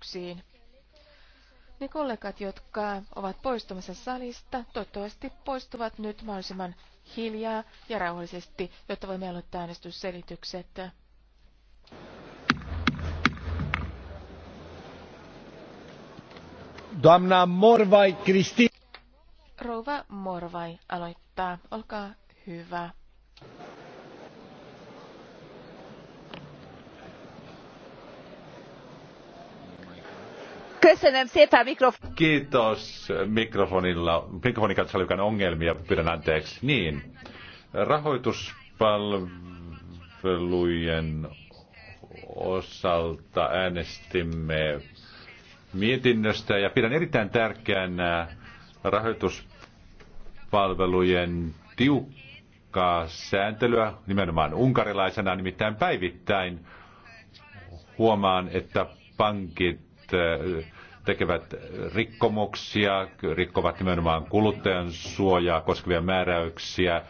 kysymyksiin. Ne kollegat, jotka ovat poistumassa salista, toivottavasti poistuvat nyt mahdollisimman hiljaa ja rauhallisesti, jotta voimme aloittaa äänestysselitykset. Damna Morvai Kristi. Rouva Morvai aloittaa. Olkaa hyvä. Kiitos mikrofonilla. Mikrofoni kanssa oli ongelmia, pyydän anteeksi. Niin, rahoituspalvelujen osalta äänestimme mietinnöstä ja pidän erittäin tärkeänä rahoituspalvelujen tiukkaa sääntelyä nimenomaan unkarilaisena, nimittäin päivittäin huomaan, että pankit tekevät rikkomuksia, rikkovat nimenomaan kuluttajan suojaa koskevia määräyksiä,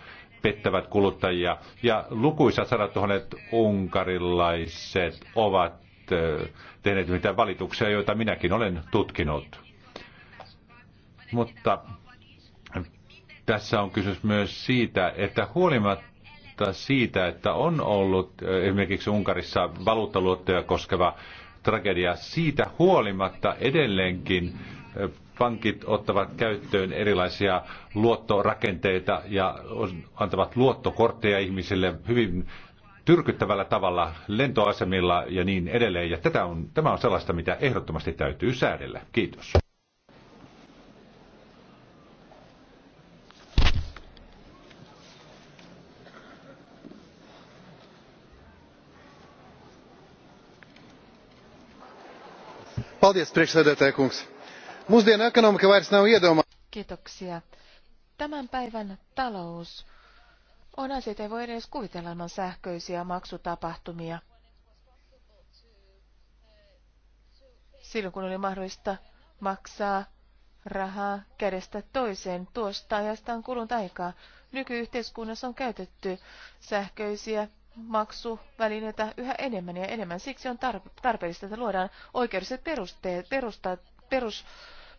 pettävät kuluttajia. Ja lukuisat sadat tuhannet unkarilaiset ovat tehneet niitä valituksia, joita minäkin olen tutkinut. Mutta tässä on kysymys myös siitä, että huolimatta siitä, että on ollut esimerkiksi Unkarissa valuuttaluottoja koskeva tragedia. Siitä huolimatta edelleenkin pankit ottavat käyttöön erilaisia luottorakenteita ja antavat luottokortteja ihmisille hyvin tyrkyttävällä tavalla lentoasemilla ja niin edelleen. Ja tätä on, tämä on sellaista, mitä ehdottomasti täytyy säädellä. Kiitos. Mūsdienu ekonomika vairs nav iedomā. Kiitoksia. Tämän päivän talous on asiat, ei voi edes kuvitella ilman sähköisiä maksutapahtumia. Silloin kun oli mahdollista maksaa rahaa kädestä toiseen, tuosta ajasta on kulunut aikaa. Nykyyhteiskunnassa on käytetty sähköisiä maksuvälineitä yhä enemmän ja enemmän. Siksi on tarpeellista, että luodaan oikeudelliset perusteet, perusta, perus,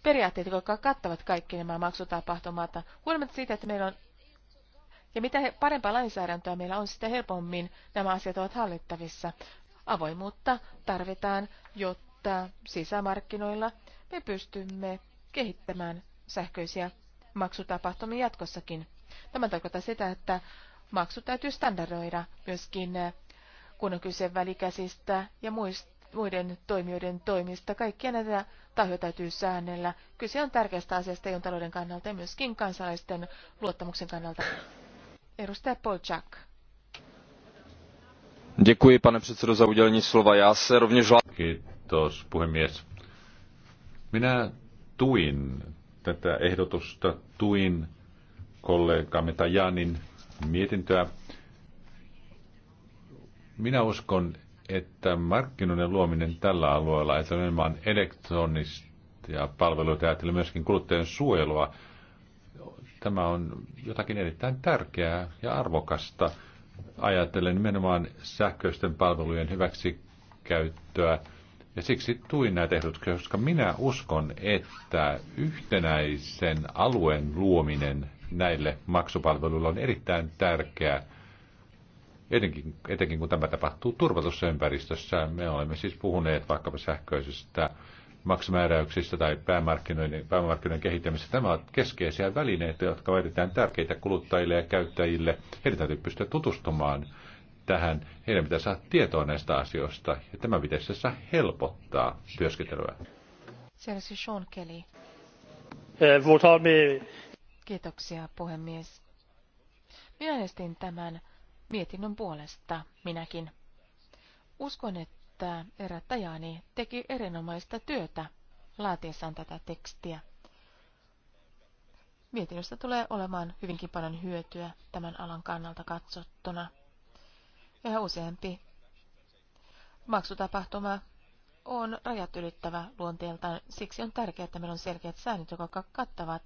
periaatteet, jotka kattavat kaikki nämä maksutapahtumat. Huolimatta siitä, että meillä on ja mitä parempaa lainsäädäntöä meillä on, sitä helpommin nämä asiat ovat hallittavissa. Avoimuutta tarvitaan, jotta sisämarkkinoilla me pystymme kehittämään sähköisiä maksutapahtumia jatkossakin. Tämä tarkoittaa sitä, että Maksut täytyy standardoida myöskin, eh, kun on kyse välikäsistä ja muiden toimijoiden toimista. Kaikkia näitä tahoja täytyy säännellä. Kyse on tärkeästä asiasta EUn talouden kannalta ja myöskin kansalaisten luottamuksen kannalta. Edustaja Polchak. Děkuji, pane předsedo, za udělení slova. Já se rovněž... Kiitos, puhemies. Minä tuin tätä ehdotusta, tuin kollegamme Tajanin mietintöä. Minä uskon, että markkinoiden luominen tällä alueella, että nimenomaan elektronisia palveluita ja myöskin kuluttajien suojelua, tämä on jotakin erittäin tärkeää ja arvokasta ajatellen nimenomaan sähköisten palvelujen hyväksikäyttöä. Ja siksi tuin näitä ehdotuksia, koska minä uskon, että yhtenäisen alueen luominen näille maksupalveluille on erittäin tärkeää, etenkin, etenkin kun tämä tapahtuu turvatussa ympäristössä. Me olemme siis puhuneet vaikkapa sähköisistä maksumääräyksistä tai päämarkkinoiden, päämarkkinoiden kehittämisestä. Tämä ovat keskeisiä välineitä, jotka ovat erittäin tärkeitä kuluttajille ja käyttäjille. Heidän täytyy pystyä tutustumaan tähän. Heidän pitää saada tietoa näistä asioista ja tämä pitäisi tässä helpottaa työskentelyä. Seuraavaksi Sean Kelly. Eh, Kiitoksia, puhemies. Minä äänestin tämän mietinnön puolesta, minäkin. Uskon, että erättäjäni Tajani teki erinomaista työtä laatiessaan tätä tekstiä. Mietinnöstä tulee olemaan hyvinkin paljon hyötyä tämän alan kannalta katsottuna. Yhä useampi maksutapahtuma on rajat ylittävä luonteeltaan. Siksi on tärkeää, että meillä on selkeät säännöt, jotka kattavat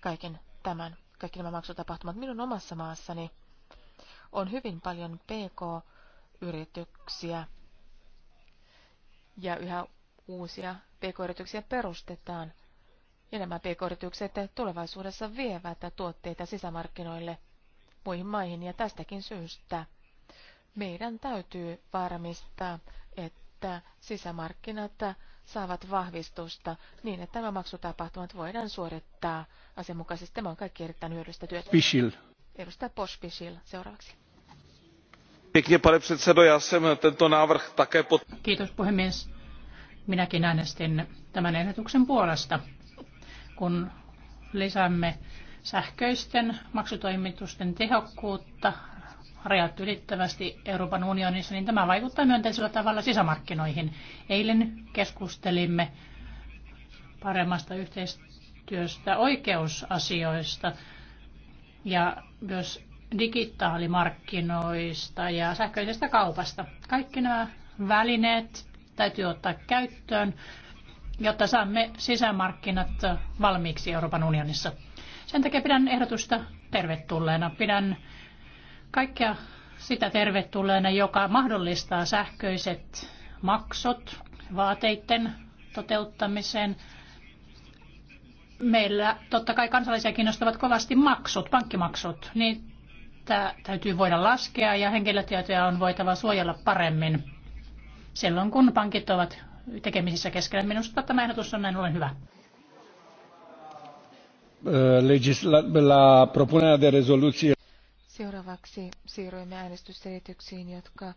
kaiken tämän, kaikki nämä maksutapahtumat. Minun omassa maassani on hyvin paljon PK-yrityksiä ja yhä uusia PK-yrityksiä perustetaan. Ja nämä PK-yritykset tulevaisuudessa vievät tuotteita sisämarkkinoille muihin maihin ja tästäkin syystä meidän täytyy varmistaa että sisämarkkinat saavat vahvistusta niin, että nämä maksutapahtumat voidaan suorittaa asianmukaisesti. Tämä on kaikki erittäin hyödyllistä työtä. Pisil. Edustaja Pospisil seuraavaksi. pane předsedo, já jsem tento návrh také Kiitos puhemies. Minäkin äänestin tämän ehdotuksen puolesta, kun lisäämme sähköisten maksutoimitusten tehokkuutta, rajat ylittävästi Euroopan unionissa, niin tämä vaikuttaa myönteisellä tavalla sisämarkkinoihin. Eilen keskustelimme paremmasta yhteistyöstä oikeusasioista ja myös digitaalimarkkinoista ja sähköisestä kaupasta. Kaikki nämä välineet täytyy ottaa käyttöön, jotta saamme sisämarkkinat valmiiksi Euroopan unionissa. Sen takia pidän ehdotusta tervetulleena. Pidän kaikkea sitä tervetulleena, joka mahdollistaa sähköiset maksot vaateiden toteuttamiseen. Meillä totta kai kansalaisia kiinnostavat kovasti maksut, pankkimaksut. Niitä täytyy voida laskea ja henkilötietoja on voitava suojella paremmin silloin, kun pankit ovat tekemisissä keskellä. Minusta tämä ehdotus on näin ollen hyvä. La propunerea de rezoluție Seuraavaksi siirrymme äänestysselityksiin, jotka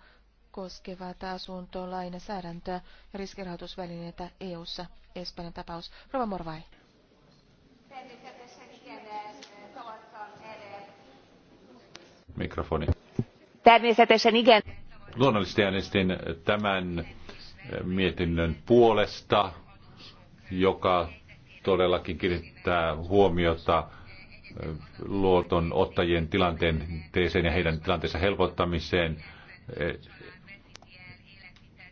koskevat asuntolainasäädäntöä ja riskirahoitusvälineitä EU-ssa. Espanjan tapaus. Rova Morvai. Mikrofoni. Luonnollisesti äänestin tämän mietinnön puolesta, joka todellakin kiinnittää huomiota luoton ottajien tilanteen teeseen ja heidän tilanteensa helpottamiseen. E,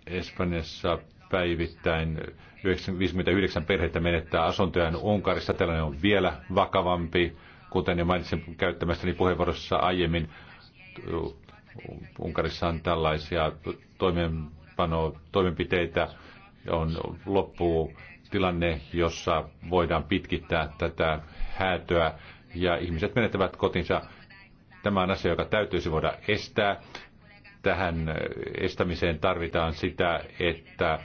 Espanjassa päivittäin 59 perhettä menettää asuntojaan. Unkarissa tällainen on vielä vakavampi, kuten jo mainitsin käyttämästäni puheenvuorossa aiemmin. Unkarissa on tällaisia toimenpano, toimenpiteitä, on loppuu tilanne, jossa voidaan pitkittää tätä häätöä ja ihmiset menettävät kotinsa. Tämä on asia, joka täytyisi voida estää. Tähän estämiseen tarvitaan sitä, että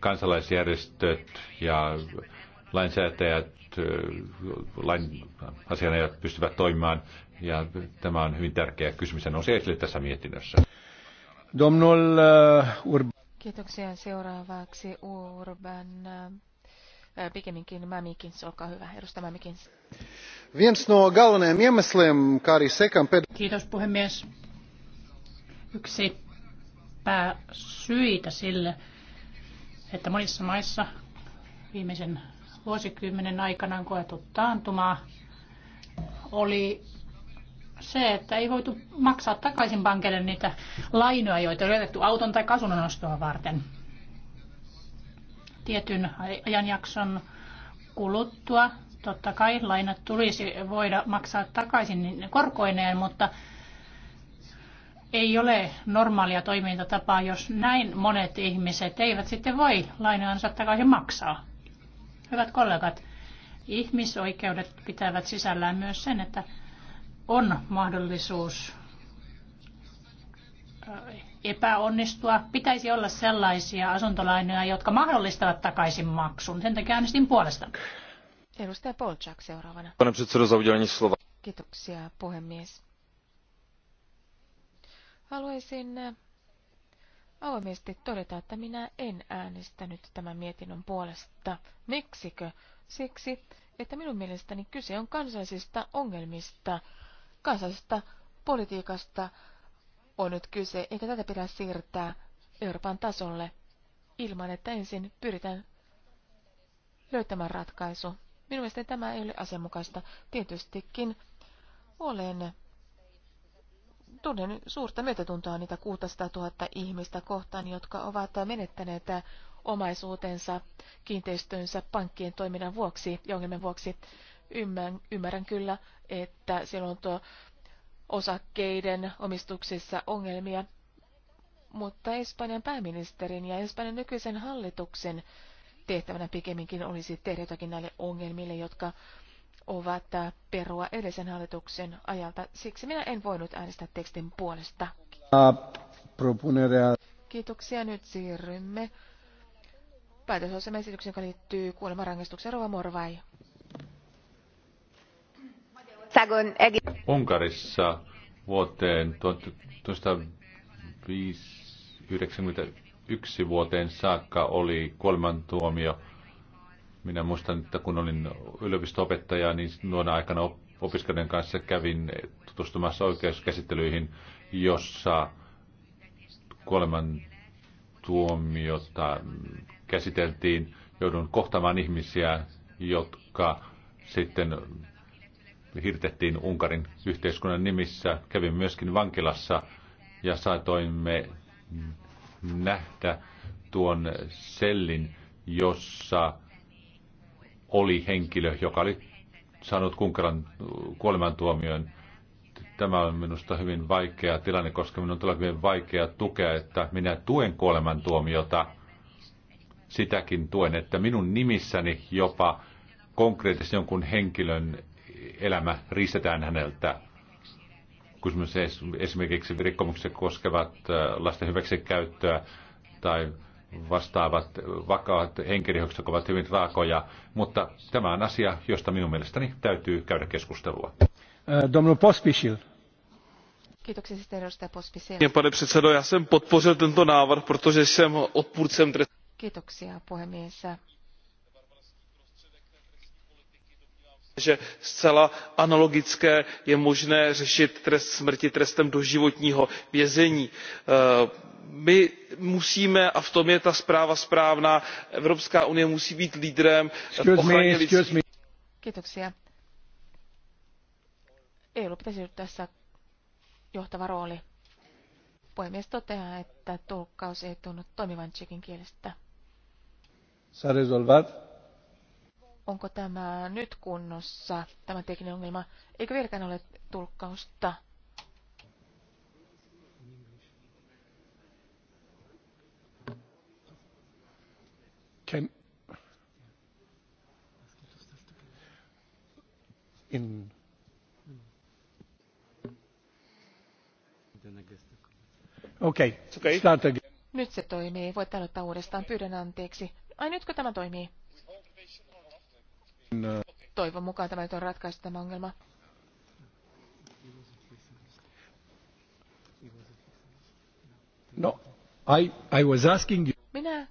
kansalaisjärjestöt ja lainsäätäjät, lain asianajat pystyvät toimimaan. Ja tämä on hyvin tärkeä kysymys. Se nousee esille tässä mietinnössä. Domnul Urban. Kiitoksia. Seuraavaksi Urban pikemminkin Mamikins, olkaa hyvä. Edustaja Mamikins. Viens no ped... Kiitos puhemies. Yksi pääsyitä sille, että monissa maissa viimeisen vuosikymmenen aikana on koettu taantumaa, oli se, että ei voitu maksaa takaisin pankille niitä lainoja, joita oli otettu auton tai asunnon ostoa varten tietyn ajanjakson kuluttua. Totta kai lainat tulisi voida maksaa takaisin niin korkoineen, mutta ei ole normaalia toimintatapaa, jos näin monet ihmiset eivät sitten voi lainaansa takaisin maksaa. Hyvät kollegat, ihmisoikeudet pitävät sisällään myös sen, että on mahdollisuus äh, epäonnistua. Pitäisi olla sellaisia asuntolainoja, jotka mahdollistavat takaisinmaksun. Sen takia äänestin puolesta. Edustaja Polchak seuraavana. Kiitoksia puhemies. Haluaisin äh, avoimesti todeta, että minä en äänestänyt tämän mietinnön puolesta. Miksikö? Siksi, että minun mielestäni kyse on kansallisista ongelmista, kansallisesta politiikasta, on nyt kyse, eikä tätä pidä siirtää Euroopan tasolle ilman, että ensin pyritään löytämään ratkaisu. Minun mielestäni tämä ei ole asianmukaista. Tietystikin olen tunnen suurta myötätuntoa niitä 600 000 ihmistä kohtaan, jotka ovat menettäneet omaisuutensa, kiinteistönsä pankkien toiminnan vuoksi ja ongelmien vuoksi. Ymmärrän, ymmärrän kyllä, että silloin tuo osakkeiden omistuksissa ongelmia, mutta Espanjan pääministerin ja Espanjan nykyisen hallituksen tehtävänä pikemminkin olisi tehdä jotakin näille ongelmille, jotka ovat äh, perua edellisen hallituksen ajalta. Siksi minä en voinut äänestää tekstin puolesta. Kiitoksia. Nyt siirrymme päätösosamesityksen, joka liittyy kuolemanrangaistukseen. Rova Morvai. Unkarissa vuoteen 1991 vuoteen saakka oli kuolemantuomio. Minä muistan, että kun olin yliopistoopettaja, niin nuona aikana opiskelijan kanssa kävin tutustumassa oikeuskäsittelyihin, jossa kuolemantuomiota käsiteltiin. Joudun kohtamaan ihmisiä, jotka sitten hirtettiin Unkarin yhteiskunnan nimissä. Kävin myöskin vankilassa ja saatoimme nähdä tuon sellin, jossa oli henkilö, joka oli saanut kunkaran kuolemantuomion. Tämä on minusta hyvin vaikea tilanne, koska minun on todella hyvin vaikea tukea, että minä tuen kuolemantuomiota. Sitäkin tuen, että minun nimissäni jopa konkreettisesti jonkun henkilön elämä riistetään häneltä. Kysymys esimerkiksi rikkomukset koskevat äh, lasten hyväksikäyttöä tai vastaavat vakavat henkirjoitukset ovat hyvin raakoja, mutta tämä on asia, josta minun mielestäni täytyy käydä keskustelua. Äh, Domnul Pospisil. Kiitoksia, siis Kiitoksia, puhemies. že zcela analogicky je možné řešit trest smrti trestem doživotního vězení. Eh, my musíme a v tom je ta zpráva správná evropská unie musí být lídrem v ochraně lidských práv. että Onko tämä nyt kunnossa, tämä tekninen ongelma? Eikö vieläkään ole tulkkausta? Can, in Okay, start again. Nyt se toimii. Voit aloittaa uudestaan. Pyydän anteeksi. Ai nytkö tämä toimii? No. Toivon mukaan tämä nyt on ratkaistu tämä ongelma. No, I, I was asking you. Minä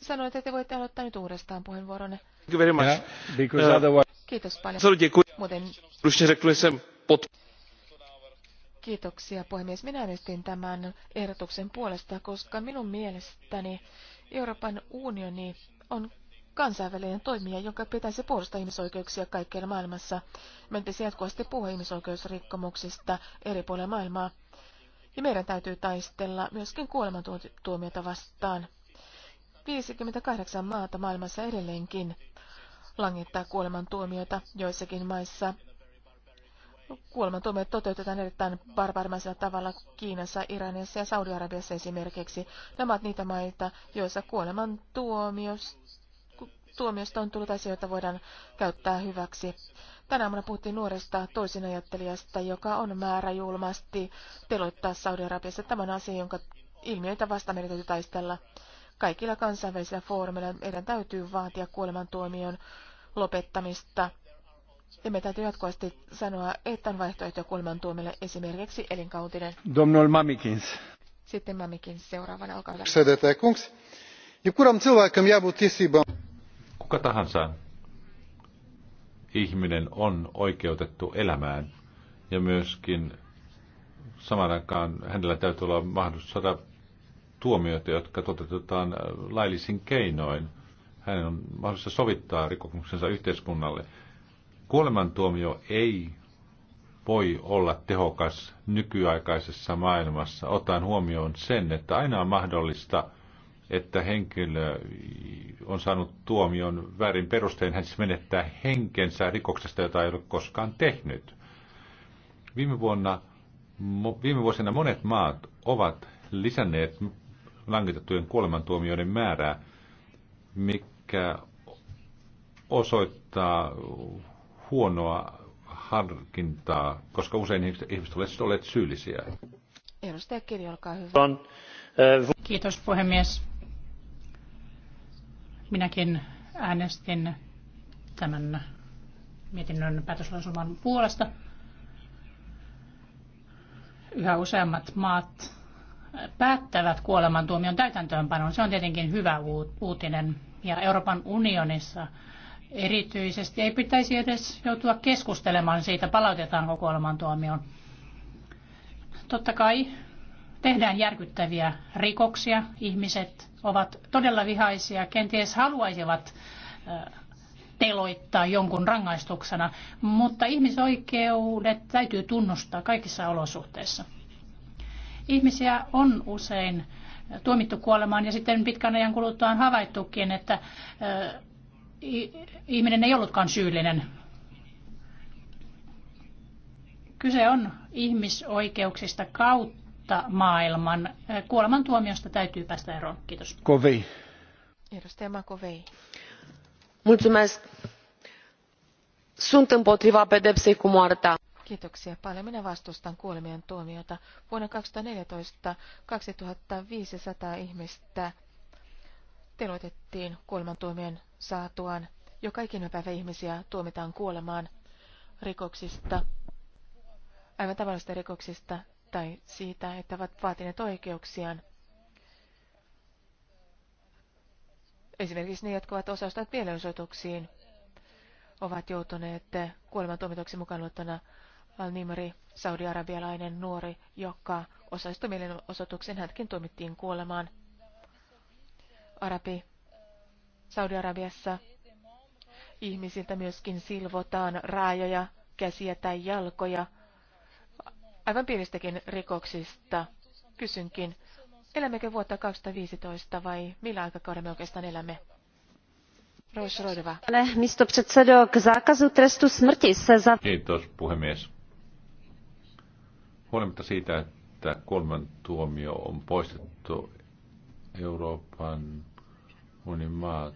sanoin, että te voitte aloittaa nyt uudestaan puheenvuoronne. Thank you very much. Yeah, because uh, otherwise... Kiitos paljon. Muuten... Kiitoksia puhemies. Minä äänestin tämän ehdotuksen puolesta, koska minun mielestäni Euroopan unioni on kansainvälinen toimija, jonka pitäisi puolustaa ihmisoikeuksia kaikkialla maailmassa. Meidän pitäisi jatkuvasti puhua ihmisoikeusrikkomuksista eri puolilla maailmaa. Ja meidän täytyy taistella myöskin kuolemantuomiota vastaan. 58 maata maailmassa edelleenkin langittaa kuolemantuomiota joissakin maissa. Kuolemantuomiot toteutetaan erittäin barbarmaisella tavalla Kiinassa, Iranissa ja Saudi-Arabiassa esimerkiksi. Nämä ovat niitä maita, joissa kuolemantuomiosta tuomiosta on tullut asioita, voidaan käyttää hyväksi. Tänä aamuna puhuttiin nuoresta toisinajattelijasta, joka on määrä julmasti teloittaa Saudi-Arabiassa. tämän asian, jonka ilmiöitä vasta meidän täytyy taistella. Kaikilla kansainvälisillä foorumeilla meidän täytyy vaatia kuolemantuomion lopettamista. Ja me täytyy jatkuvasti sanoa, että on vaihtoehtoja kuolemantuomille esimerkiksi elinkautinen. Domnul Mamikins. Sitten Mamikins seuraavana, olkaa hyvä. Kuka tahansa ihminen on oikeutettu elämään ja myöskin samaan aikaan hänellä täytyy olla mahdollisuus saada tuomioita, jotka toteutetaan äh, laillisin keinoin. Hänen on mahdollista sovittaa rikkomuksensa yhteiskunnalle. Kuolemantuomio ei voi olla tehokas nykyaikaisessa maailmassa, ottaen huomioon sen, että aina on mahdollista – että henkilö on saanut tuomion väärin perustein, hän siis menettää henkensä rikoksesta, jota ei ole koskaan tehnyt. Viime, vuonna, viime vuosina monet maat ovat lisänneet langitettujen kuolemantuomioiden määrää, mikä osoittaa huonoa harkintaa, koska usein ihmiset olet siis olleet syyllisiä. Edustaja Kirjo, olkaa hyvä. Kiitos puhemies. Minäkin äänestin tämän mietinnön päätöslausuman puolesta. Yhä useammat maat päättävät kuolemantuomion täytäntöönpanon. Se on tietenkin hyvä uutinen. Ja Euroopan unionissa erityisesti ei pitäisi edes joutua keskustelemaan siitä, palautetaanko kuolemantuomioon. Totta kai tehdään järkyttäviä rikoksia. Ihmiset ovat todella vihaisia, kenties haluaisivat teloittaa jonkun rangaistuksena, mutta ihmisoikeudet täytyy tunnustaa kaikissa olosuhteissa. Ihmisiä on usein tuomittu kuolemaan ja sitten pitkän ajan kuluttua on havaittukin, että ihminen ei ollutkaan syyllinen. Kyse on ihmisoikeuksista kautta kautta maailman. Eh, kuolemantuomiosta täytyy päästä eroon. Kiitos. Kovei. Edustaja Makovei. Mulțumesc. Sunt împotriva pedepsei cu moartea. Kiitoksia paljon. Minä vastustan kuolemien tuomiota. Vuonna 2014 2500 ihmistä teloitettiin kuolemantuomion saatuaan. Jo kaikin päivä ihmisiä tuomitaan kuolemaan rikoksista, aivan tavallisista rikoksista, tai siitä, että ovat vaatineet oikeuksiaan. Esimerkiksi ne, jotka ovat osastaneet mielenosoituksiin, ovat joutuneet kuolemantuomituksi mukaan luettuna Al-Nimri, saudi-arabialainen nuori, joka osallistui mielenosoitukseen, hänkin tuomittiin kuolemaan. Arabi Saudi-Arabiassa ihmisiltä myöskin silvotaan raajoja, käsiä tai jalkoja – aivan pienistäkin rikoksista. Kysynkin, elämmekö vuotta 2015 vai millä aikakauden me oikeastaan elämme? Pane místopředsedo, k zákazu trestu smrti se za... Kiitos, puhemies. Huolimatta siitä, että kolman tuomio on poistettu Euroopan unionin maat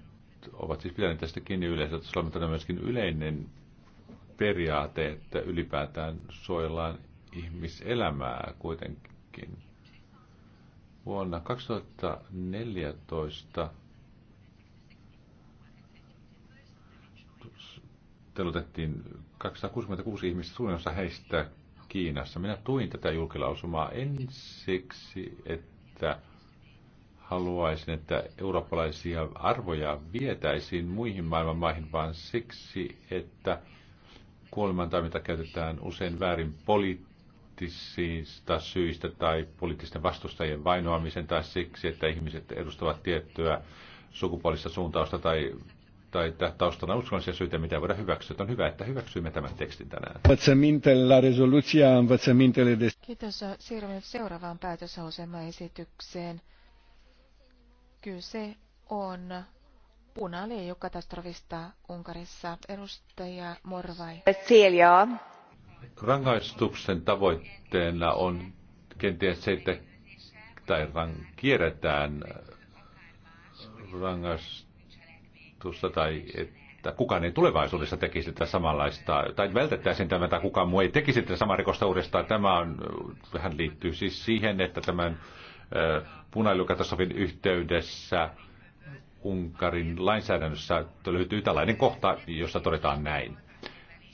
ovat siis pitäneet tästä kiinni yleensä, että on myöskin yleinen periaate, että ylipäätään suojellaan ihmiselämää kuitenkin. Vuonna 2014 telotettiin 266 ihmistä, suurin osa heistä Kiinassa. Minä tuin tätä julkilausumaa ensiksi, että haluaisin, että eurooppalaisia arvoja vietäisiin muihin maailman maihin, vaan siksi, että kuolemantaiminta käytetään usein väärin poliittisesti poliittisista syistä tai poliittisten vastustajien vainoamisen tai siksi, että ihmiset edustavat tiettyä sukupuolista suuntausta tai tai taustana uskonnollisia syitä, mitä voidaan hyväksyä. On hyvä, että hyväksyimme tämän tekstin tänään. Kiitos. Siirrymme seuraavaan päätösasemaesitykseen. Kyse on punaliejukatastrofista Unkarissa. Edustaja Morvai. Celia. Rangaistuksen tavoitteena on kenties se, että tai rang, kierretään rangaistusta tai että kukaan ei tulevaisuudessa tekisi tätä samanlaista, tai vältettäisiin tämä, tai kukaan muu ei tekisi tätä samaa rikosta uudestaan. Tämä on, vähän liittyy siis siihen, että tämän punailukatastrofin yhteydessä Unkarin lainsäädännössä löytyy tällainen kohta, jossa todetaan näin.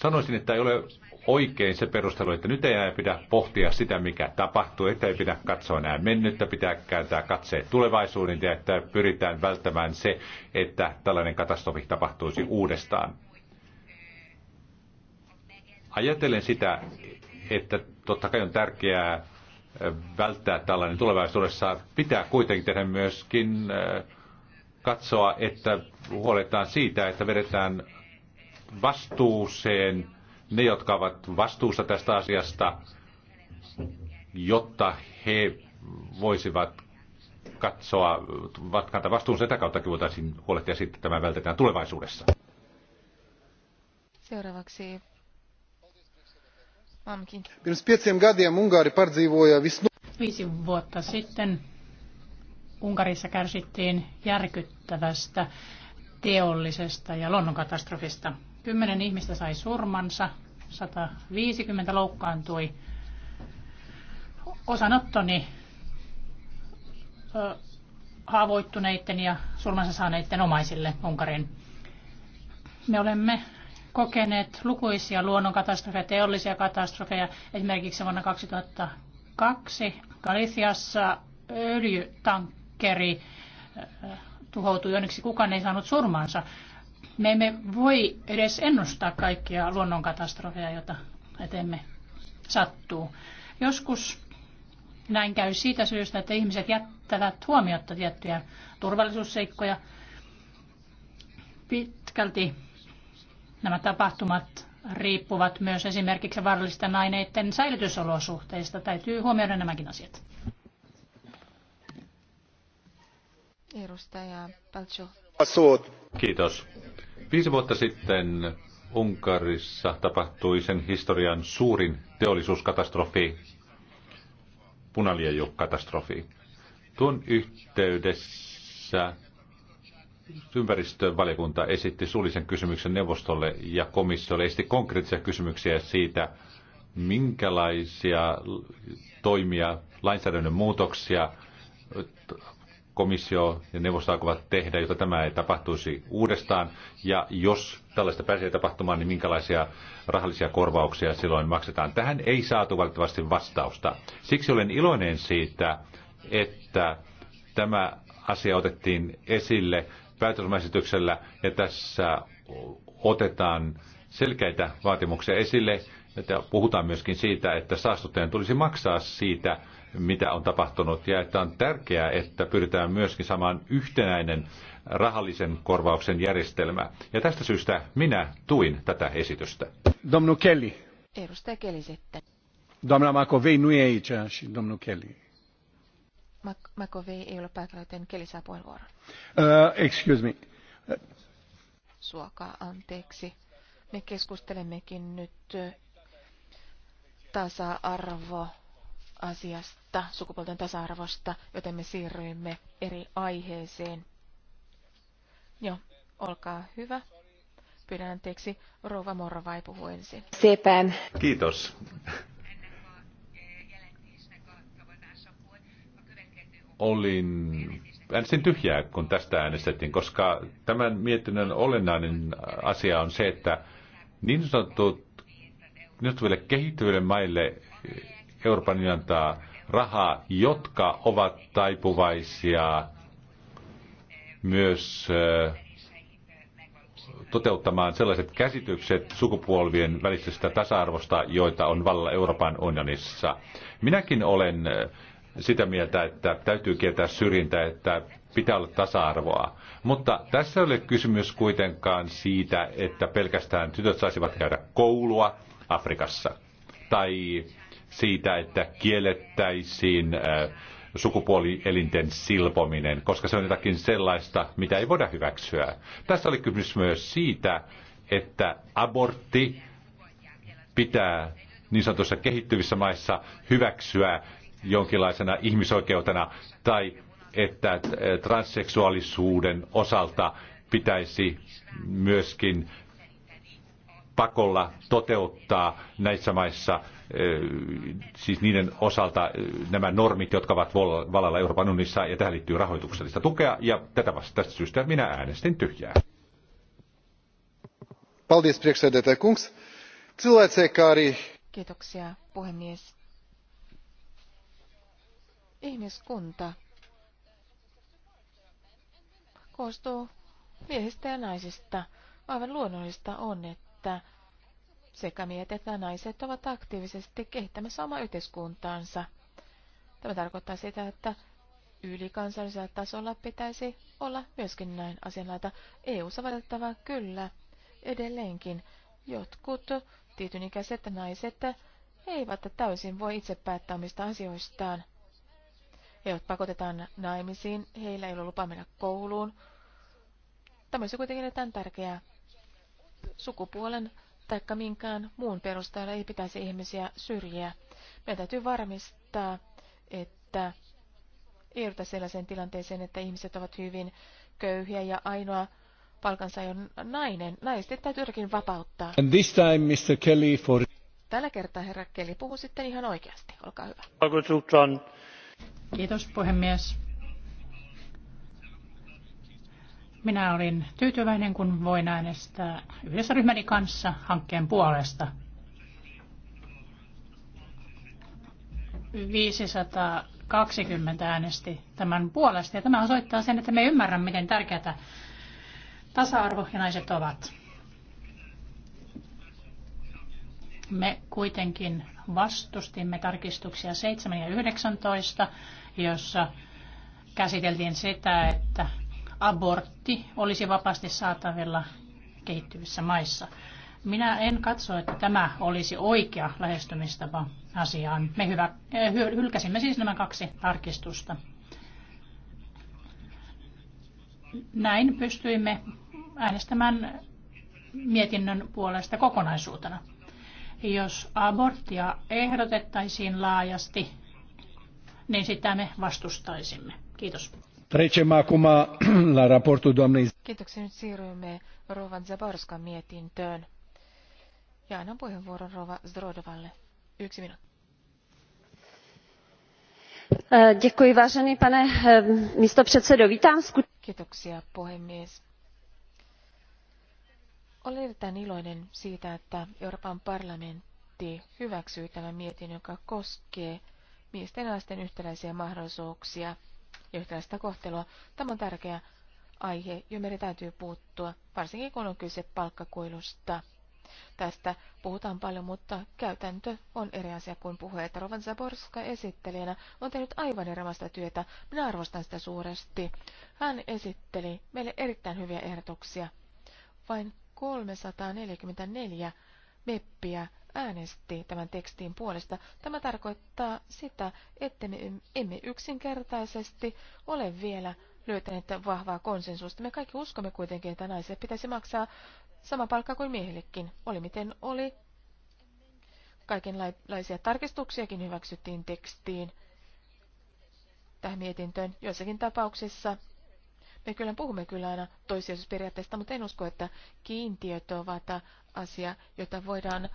Sanoisin, että ei ole oikein se perustelu, että nyt ei enää pidä pohtia sitä, mikä tapahtuu, että ei pidä katsoa enää mennyttä, pitää kääntää katseet tulevaisuuden ja että pyritään välttämään se, että tällainen katastrofi tapahtuisi uudestaan. Ajatellen sitä, että totta kai on tärkeää äh, välttää tällainen tulevaisuudessa, pitää kuitenkin tehdä myöskin äh, katsoa, että huolehditaan siitä, että vedetään vastuuseen ne, jotka ovat vastuussa tästä asiasta, jotta he voisivat katsoa, kantaa vastuun sitä kauttakin voitaisiin huolehtia sitten, että tämä vältetään tulevaisuudessa. Seuraavaksi Mamkin. Pirms gadiem Ungari visnu... Viisi vuotta sitten Unkarissa kärsittiin järkyttävästä teollisesta ja luonnonkatastrofista. Kymmenen ihmistä sai surmansa, 150 loukkaantui. Osanottoni haavoittuneiden ja surmansa saaneiden omaisille Unkarin. Me olemme kokeneet lukuisia luonnonkatastrofeja, teollisia katastrofeja. Esimerkiksi vuonna 2002 Galiciassa öljytankkeri tuhoutui, onneksi kukaan ei saanut surmansa, me emme voi edes ennustaa kaikkia luonnonkatastrofeja, joita eteemme sattuu. Joskus näin käy siitä syystä, että ihmiset jättävät huomiotta tiettyjä turvallisuusseikkoja. Pitkälti nämä tapahtumat riippuvat myös esimerkiksi vaarallisten aineiden säilytysolosuhteista. Täytyy huomioida nämäkin asiat. Edustaja Kiitos. Viisi vuotta sitten Unkarissa tapahtui sen historian suurin teollisuuskatastrofi, punaliejukatastrofi. Tuon yhteydessä ympäristövaliokunta esitti suullisen kysymyksen neuvostolle ja komissiolle, esitti konkreettisia kysymyksiä siitä, minkälaisia toimia, lainsäädännön muutoksia komissio ja neuvosto aikovat tehdä, jotta tämä ei tapahtuisi uudestaan? Ja jos tällaista pääsee tapahtumaan, niin minkälaisia rahallisia korvauksia silloin maksetaan? Tähän ei saatu valitettavasti vastausta. Siksi olen iloinen siitä, että tämä asia otettiin esille päätösmäisityksellä ja tässä otetaan selkeitä vaatimuksia esille. Että puhutaan myöskin siitä, että saastuttajan tulisi maksaa siitä, mitä on tapahtunut, ja että on tärkeää, että pyritään myöskin samaan yhtenäinen rahallisen korvauksen järjestelmä. Ja tästä syystä minä tuin tätä esitystä. Domnu Kelly. Edustaja Kelly sitten. Domna Makovei nu ei Domnu Kelly. Makovei ei ole päätellä, joten Kelly saa puheenvuoron. Uh, excuse me. Suokaa anteeksi. Me keskustelemmekin nyt uh, tasa-arvo asiasta, sukupuolten tasa-arvosta, joten me siirryimme eri aiheeseen. Joo, olkaa hyvä. Pyydän anteeksi, Rouva Morvai puhuu ensin. Sepän. Kiitos. Olin äänestin tyhjää, kun tästä äänestettiin, koska tämän mietinnön olennainen asia on se, että niin sanottu niin kehittyville maille Euroopan unioni antaa rahaa, jotka ovat taipuvaisia myös toteuttamaan sellaiset käsitykset sukupuolvien välisestä tasa-arvosta, joita on valla Euroopan unionissa. Minäkin olen sitä mieltä, että täytyy kieltää syrjintä, että pitää olla tasa-arvoa. Mutta tässä ei ole kysymys kuitenkaan siitä, että pelkästään tytöt saisivat käydä koulua Afrikassa tai siitä, että kiellettäisiin äh, sukupuolielinten silpominen, koska se on jotakin sellaista, mitä ei voida hyväksyä. Tässä oli kysymys myös siitä, että abortti pitää niin sanotussa kehittyvissä maissa hyväksyä jonkinlaisena ihmisoikeutena tai että äh, transseksuaalisuuden osalta pitäisi myöskin pakolla toteuttaa näissä maissa siis niiden osalta nämä normit, jotka ovat valalla Euroopan unionissa, ja tähän liittyy rahoituksellista tukea, ja tätä vasta tästä syystä minä äänestin tyhjää. Paldies, Kiitoksia, puhemies. Ihmiskunta koostuu miehistä ja naisista. Aivan luonnollista on, että sekä miehet että naiset ovat aktiivisesti kehittämässä omaa yhteiskuntaansa. Tämä tarkoittaa sitä, että ylikansallisella tasolla pitäisi olla myöskin näin asianlaita. EU-ssa valitettavaa kyllä edelleenkin. Jotkut tietyn ikäiset naiset eivät täysin voi itse päättää omista asioistaan. Heidät pakotetaan naimisiin, heillä ei ole lupa mennä kouluun. Tämä on kuitenkin erittäin tärkeää. Sukupuolen tai minkään muun perusteella ei pitäisi ihmisiä syrjiä. Meidän täytyy varmistaa, että ei jouduta sellaiseen tilanteeseen, että ihmiset ovat hyvin köyhiä ja ainoa on nainen. Naiset täytyy vapauttaa. And this time, Mr. Kelly for... Tällä kertaa herra Kelly puhuu sitten ihan oikeasti. Olkaa hyvä. Kiitos puhemies. Minä olin tyytyväinen, kun voin äänestää yhdessä ryhmäni kanssa hankkeen puolesta. 520 äänesti tämän puolesta ja tämä osoittaa sen, että me ymmärrämme, miten tärkeätä tasa-arvo ja naiset ovat. Me kuitenkin vastustimme tarkistuksia 7 ja 19, jossa käsiteltiin sitä, että abortti olisi vapaasti saatavilla kehittyvissä maissa. Minä en katso, että tämä olisi oikea lähestymistapa asiaan. Me hyvä, eh, hylkäsimme siis nämä kaksi tarkistusta. Näin pystyimme äänestämään mietinnön puolesta kokonaisuutena. Jos aborttia ehdotettaisiin laajasti, niin sitä me vastustaisimme. Kiitos. Trecem acum la raportul doamnei... Kiitoksia. Nyt siirrymme Rovan Zaborskan mietintöön. Ja annan puheenvuoron Rova Zdrodovalle. Yksi minuutti. Eh, děkuji, vážený pane eh, místopředsedo. Vítám Kiitoksia, puhemies. Olen erittäin iloinen siitä, että Euroopan parlamentti hyväksyy tämän mietinnön, joka koskee miesten ja naisten yhtäläisiä mahdollisuuksia – ja yhtäläistä kohtelua. Tämä on tärkeä aihe, johon meidän täytyy puuttua, varsinkin kun on kyse palkkakuilusta. Tästä puhutaan paljon, mutta käytäntö on eri asia kuin puhe. Rovan Zaborska esittelijänä on tehnyt aivan erilaista työtä. Minä arvostan sitä suuresti. Hän esitteli meille erittäin hyviä ehdotuksia. Vain 344 meppiä äänesti tämän tekstin puolesta. Tämä tarkoittaa sitä, että me emme yksinkertaisesti ole vielä löytäneet vahvaa konsensusta. Me kaikki uskomme kuitenkin, että naisille pitäisi maksaa sama palkka kuin miehillekin. Oli miten oli. Kaikenlaisia tarkistuksiakin hyväksyttiin tekstiin tähän mietintöön. Joissakin tapauksissa me kyllä puhumme kyllä aina toisiasusperiaatteesta, mutta en usko, että kiintiöt ovat asia, jota voidaan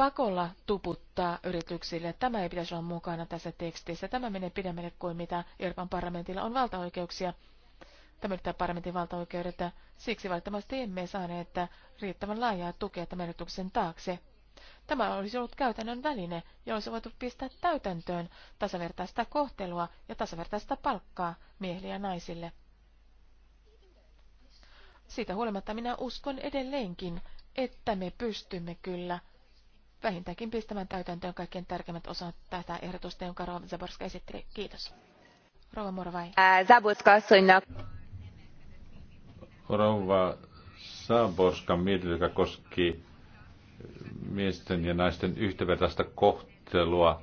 pakolla tuputtaa yrityksille. Tämä ei pitäisi olla mukana tässä tekstissä. Tämä menee pidemmälle kuin mitä Euroopan parlamentilla on valtaoikeuksia. Tämä yrittää parlamentin valtaoikeudet. Siksi valitettavasti emme saaneet riittävän laajaa tukea tämän yrityksen taakse. Tämä olisi ollut käytännön väline, jolla olisi voitu pistää täytäntöön tasavertaista kohtelua ja tasavertaista palkkaa miehille ja naisille. Siitä huolimatta minä uskon edelleenkin, että me pystymme kyllä vähintäänkin pistämään täytäntöön kaikkien tärkeimmät osat tätä ehdotusta, jonka Rova Zaborska esitteli. Kiitos. Rova Morvai. Zaborska asszonynak. Rova Zaborska mietintö, joka koski miesten ja naisten yhtävertaista kohtelua,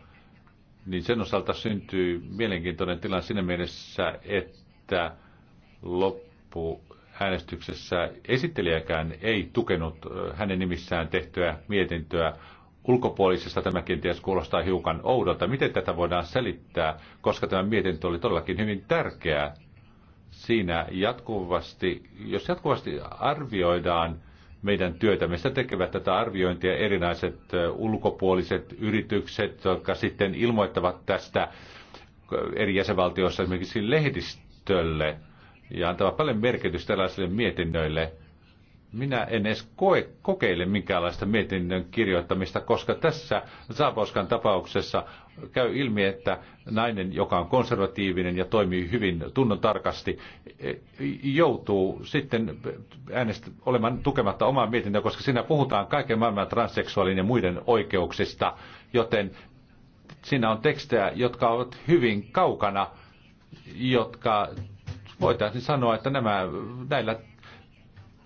niin sen osalta syntyy mielenkiintoinen tilanne siinä mielessä, että loppu äänestyksessä esittelijäkään ei tukenut äh, hänen nimissään tehtyä mietintöä, ulkopuolisesta tämä kenties kuulostaa hiukan oudolta. Miten tätä voidaan selittää, koska tämä mietintö oli todellakin hyvin tärkeää. Siinä jatkuvasti, jos jatkuvasti arvioidaan meidän työtä, mistä tekevät tätä arviointia erinäiset ulkopuoliset yritykset, jotka sitten ilmoittavat tästä eri jäsenvaltioissa esimerkiksi lehdistölle ja antavat paljon merkitystä tällaisille mietinnöille – minä en edes koe, kokeile minkäänlaista mietinnön kirjoittamista, koska tässä Zaboskan tapauksessa käy ilmi, että nainen, joka on konservatiivinen ja toimii hyvin tunnon tarkasti, e, joutuu sitten äänestä, olemaan tukematta omaa mietintöä, koska siinä puhutaan kaiken maailman transseksuaalin ja muiden oikeuksista, joten siinä on tekstejä, jotka ovat hyvin kaukana, jotka voitaisiin sanoa, että nämä, näillä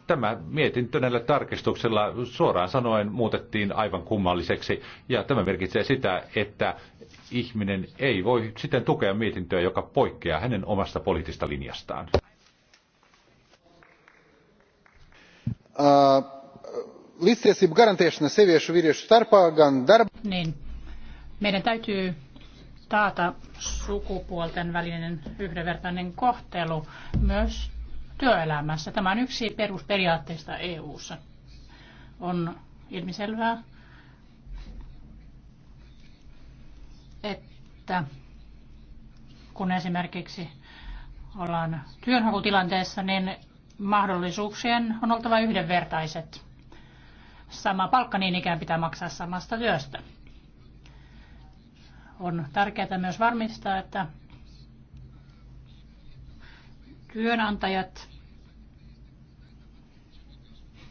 tämä mietintö näillä tarkistuksella suoraan sanoen muutettiin aivan kummalliseksi. Ja tämä merkitsee sitä, että ihminen ei voi sitten tukea mietintöä, joka poikkeaa hänen omasta poliittista linjastaan. Niin. Meidän täytyy taata sukupuolten välinen yhdenvertainen kohtelu myös työelämässä. Tämä on yksi perusperiaatteista EU:ssa. On ilmiselvää, että kun esimerkiksi ollaan työnhakutilanteessa, niin mahdollisuuksien on oltava yhdenvertaiset. Sama palkka niin ikään pitää maksaa samasta työstä. On tärkeää myös varmistaa, että työnantajat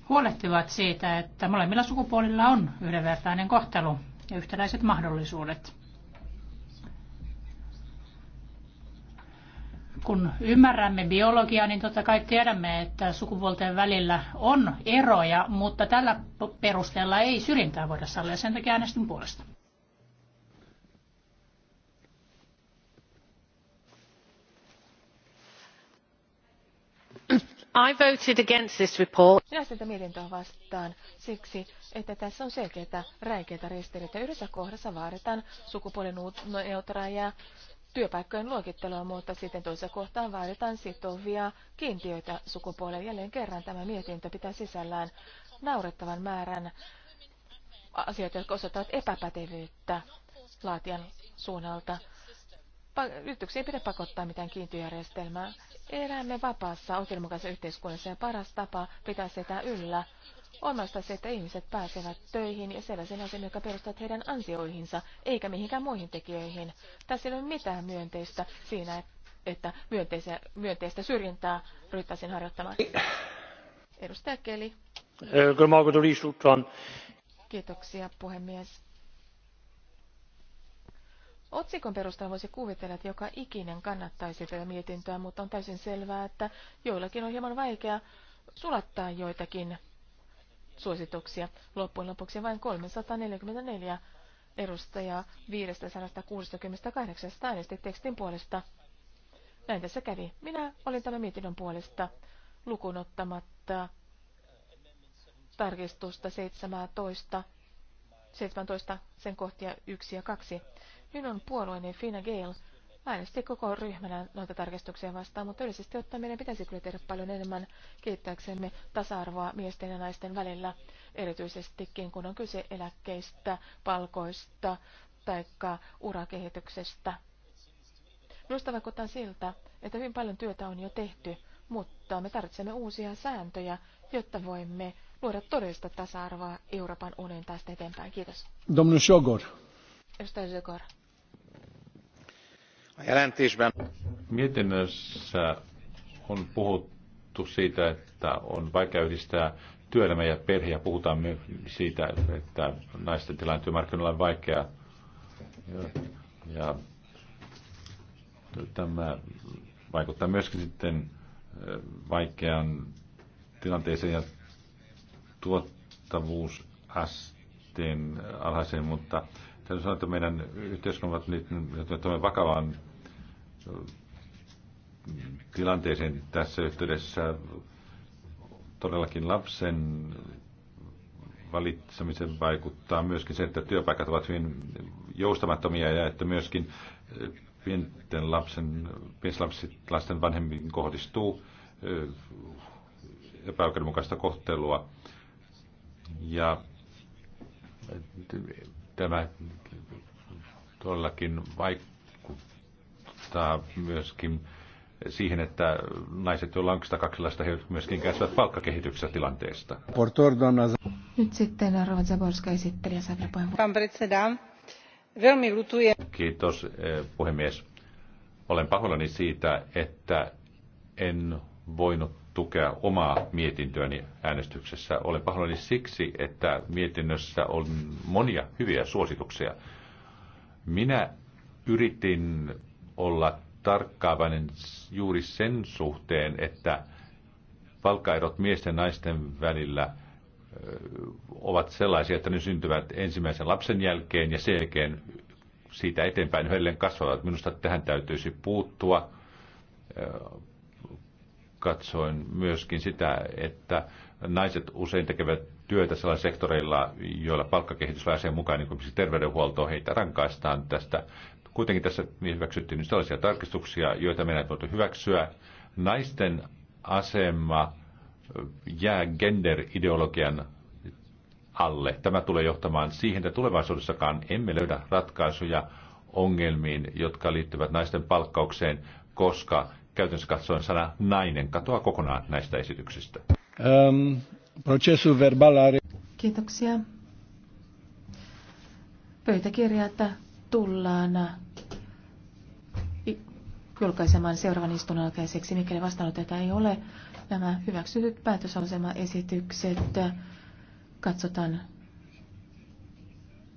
huolehtivat siitä, että molemmilla sukupuolilla on yhdenvertainen kohtelu ja yhtäläiset mahdollisuudet. Kun ymmärrämme biologiaa, niin totta kai tiedämme, että sukupuolten välillä on eroja, mutta tällä perusteella ei syrjintää voida sallia. Sen takia äänestin puolesta. I voted against this report. Minä sitä mietintöä vastaan siksi, että tässä on selkeitä räikeitä ristiriitä. Yhdessä kohdassa vaaditaan sukupuolineutraalia no, työpaikkojen luokittelua, mutta sitten toisessa kohtaa vaaditaan sitovia kiintiöitä sukupuoleen. Jälleen kerran tämä mietintö pitää sisällään naurettavan määrän asioita, jotka osoittavat epäpätevyyttä laatijan suunnalta. Yrityksiä ei pidä pakottaa mitään kiintiöjärjestelmää elämme vapaassa oikeudenmukaisessa yhteiskunnassa ja paras tapa pitää sitä yllä omasta se, että ihmiset pääsevät töihin ja sellaisen asian, joka perustavat heidän ansioihinsa, eikä mihinkään muihin tekijöihin. Tässä ei ole mitään myönteistä siinä, että myönteistä, myönteistä syrjintää ryhtäisin harjoittamaan. Edustaja Keli. Kiitoksia puhemies. Otsikon perusteella voisi kuvitella, että joka ikinen kannattaisi tätä mietintöä, mutta on täysin selvää, että joillakin on hieman vaikea sulattaa joitakin suosituksia. Loppujen lopuksi vain 344 edustajaa 568 äänesti tekstin puolesta. Näin tässä kävi. Minä olin tämän mietinnön puolesta lukunottamatta tarkistusta 17, 17 sen kohtia 1 ja 2. Minun puolueeni Fina Gale äänesti koko ryhmänä noita tarkistuksia vastaan, mutta yleisesti ottaen meidän pitäisi kyllä tehdä paljon enemmän kiittääksemme tasa-arvoa miesten ja naisten välillä, erityisestikin kun on kyse eläkkeistä, palkoista tai urakehityksestä. Minusta vaikuttaa siltä, että hyvin paljon työtä on jo tehty, mutta me tarvitsemme uusia sääntöjä, jotta voimme luoda todellista tasa-arvoa Euroopan unionin tästä eteenpäin. Kiitos. Domnul Jogor. Edustaja Jogor. Mietinnössä on puhuttu siitä, että on vaikea yhdistää työelämä ja perhe, ja puhutaan myös siitä, että naisten tilanne työmarkkinoilla on vaikea. Ja, ja tämä vaikuttaa myöskin sitten äh, vaikean tilanteeseen ja tuottavuusasteen alhaiseen, mutta täytyy sanoa, että meidän yhteiskunnat liittyvät vakavaan tilanteeseen tässä yhteydessä todellakin lapsen valitsemisen vaikuttaa myöskin se, että työpaikat ovat hyvin joustamattomia ja että myöskin eh, pienten lapsen, pienten lasten vanhemmin kohdistuu eh, epäoikeudenmukaista kohtelua. Ja eh, tämä todellakin vaikuttaa kohdistaa myöskin siihen, että naiset, joilla on kaksilaista, he myöskin kärsivät palkkakehityksessä tilanteesta. Nyt sitten Arvan Zaborska esittelijä saa puheenvuoron. Kiitos e, puhemies. Olen pahoillani siitä, että en voinut tukea omaa mietintöäni äänestyksessä. Olen pahoillani siksi, että mietinnössä on monia hyviä suosituksia. Minä yritin olla tarkkaavainen juuri sen suhteen, että palkkaerot miesten ja naisten välillä ovat sellaisia, että ne syntyvät ensimmäisen lapsen jälkeen ja sen jälkeen siitä eteenpäin yhdelleen kasvavat. Minusta tähän täytyisi puuttua. Katsoin myöskin sitä, että naiset usein tekevät työtä sellaisilla sektoreilla, joilla palkkakehitys pääsee mukaan, niin kuin terveydenhuoltoon heitä rankaistaan tästä. Kuitenkin tässä niin hyväksyttiin sellaisia tarkistuksia, joita meidän ei voitu hyväksyä. Naisten asema jää gender-ideologian alle. Tämä tulee johtamaan siihen, että tulevaisuudessakaan emme löydä ratkaisuja ongelmiin, jotka liittyvät naisten palkkaukseen, koska käytännössä katsoen sana nainen katoaa kokonaan näistä esityksistä. Ähm, um, verbalari. Kiitoksia. Pöytäkirja, että tullaan julkaisemaan seuraavan istunnon aikaiseksi, mikäli vastaanotetta ei ole. Nämä hyväksytyt päätösasemaesitykset katsotaan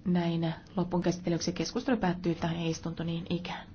näin loppuun käsittelyksi. Keskustelu päättyy tähän istunto niin ikään.